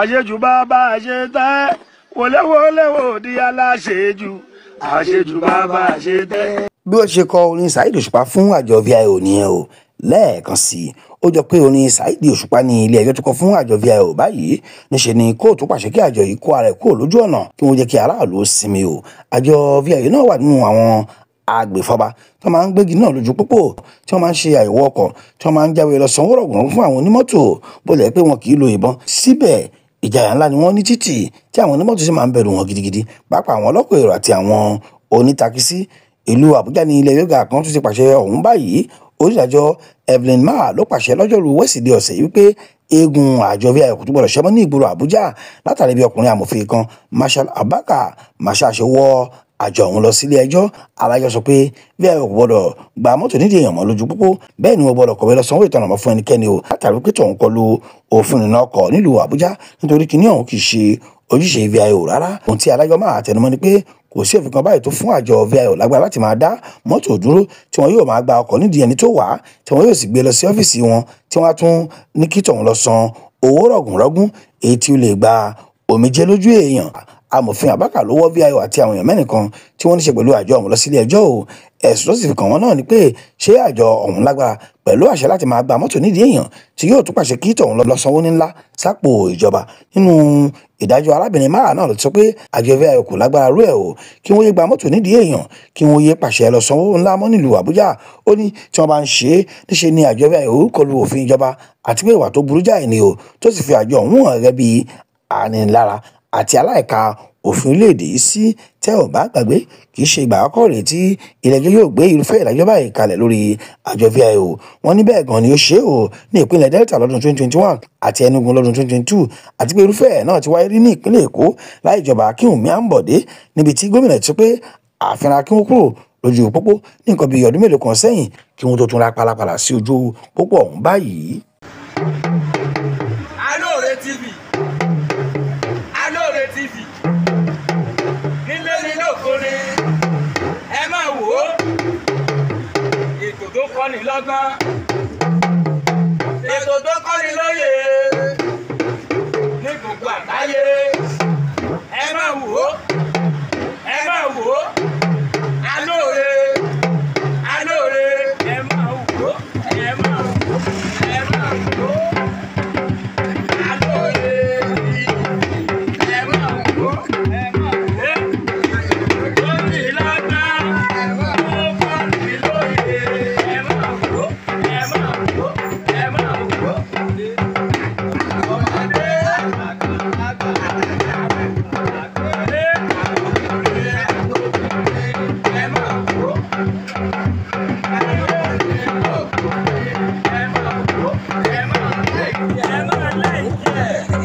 àṣejù bàbá àṣetẹ́ wọléwọléwò di aláṣejù àṣejù bàbá àṣetẹ́. bí wọ́n ṣe kọ orin Saheed Òṣùpá fún àjọ VIO nìyẹn o lẹ́ẹ̀kan sí i ó jọ pé orin Saheed Òṣùpá ní ilé ẹjọ́ tó kọ fún àjọ VIO báyìí níṣẹ́ ni kóòtù pàṣẹ kí àjọ yìí kó ara ẹ̀ kúrò lójú ọ̀nà kí wọ́n jẹ́ kí aráàlú sinmi o àjọ VIO náà wà nínú àwọn agbèfọba tí wọn máa ń gbégi náà lójú pópó tí wọn máa ń ṣe àìwọ ọkọ̀ tí wọn máa ń jáwé lọ sanwó rọgùn fún àwọn onímọ́tò bó lẹ pé wọn kì í lo ìbọn síbẹ̀ ìjayà ńlá ni wọ́n ní títì tí àwọn onímọ́tò sì máa ń bẹ̀rù wọn gidigidi pàápàá àwọn ọlọ́pàá èrò àti àwọn onítakisí ìlú àbújá ní ilẹ̀ yoga kan tún ti pàṣẹ ọ̀hún báyìí onídàájọ́ evelyn maa ló pàṣẹ lọ́jọ́rùú wẹ́sídẹ̀ẹ́ ọ̀sẹ̀ yìí wípé eégún àjọ vi kò tún gbọdọ̀ ṣẹmọ́ ní ìgboro àbújá látàrí bí ọkùnrin amòfin kan marshal abaka marshal ṣe wọ àjọ ọ̀hún lọ sílé ẹjọ́ adájọ́ sọ pé bí ẹ kò gbọ́dọ̀ gba mọ́tò nídìí èèyàn mọ́ lójú pópó bẹ́ẹ̀ ni wọ́n gbọ́dọ̀ kọ̀wé lọ sanwó ìtanà mọ́ fún ẹnikẹ́ni o látàrí pé tọ̀hún kọ lu òfin ìrìnnà ọkọ̀ nílùú Àbújá nítorí kinní ọ̀hún kì í ṣe ojúṣe vio rárá ohun tí adájọ́ máa tẹnumọ́ ni pé kò sí òfin kan báyìí tó fún àjọ vio lágbára láti máa dá mọ́tò dúró tí wọn yóò máa gba ọkọ̀ nídìí ẹni tó wà á tí wọn yóò sì gbé lọ sí ọ́fíìsì wọn tí wọ́n á tún ní kí tọ̀hún lọ san owó rọ̀gùnrọ̀gùn èyí tí ó lè gba omijé lójú èèyàn amòfin abaka ló wọ́ VIO àti àwọn èèyàn mẹ́rin kan tí wọ́n ní ṣe pẹ̀lú àjọ ọ̀hún lọ sílé ẹjọ́ o ẹ̀sùn tó sì fi kàn wọ́n náà ni pé ṣé àjọ ọ̀hún lágbára pẹ̀lú àṣẹ láti máa gba mọ́tò nídìí èèyàn tí yóò tún pàṣẹ kí tọ̀hún lọ sanwó ńlá sápò ìjọba nínú ìdájọ́ arábìnrin mara náà ló ti sọ pé àjọ VIO kò lágbára rú ẹ̀ o kí wọ́n yé gba mọ́tò nídìí èèyàn kí wọ́n yé pàṣẹ lọ sanwó ńlá mọ́ nílùú Àbújá ó ní tí wọ́n bá ń ṣe é níṣe ni àjọ VIO kọlu òfin ìjọba àti pé ìwà tó burú jáì ni o tó sì fi àjọ ọ̀hún hàn gẹ́gẹ́ bíi ànilára àti aláìka òfin orílẹ̀-èdè yìí sí tẹ́ ò bá gbàgbé kì í ṣe ìgbà àkọ́kọ́ rèé tí ilẹ̀-ẹjọ́ yóò gbé irúfẹ́ ìdájọ́ báyìí kalẹ̀ lórí àjọ vio wọ́n ní bẹ́ẹ̀ gan ni ó ṣe o ní ìpínlẹ̀ delta lọ́dún 2021 àti enugu lọ́dún 2022 àti pé irúfẹ́ ẹ̀ náà ti wáyé rí ní ìpínlẹ̀ èkó láì ìjọba akínwùmí àǹbọ̀dé níbi tí gómìnà ti pé àfihàn akínwó kúrò lójú pópó ní nǹkan bíi ọdún mélòó kan sẹ́yìn kí wọ́n tó tún ra pálapàla sí ojú pópó ọ̀hún báyìí কোন ইলাকা yeah.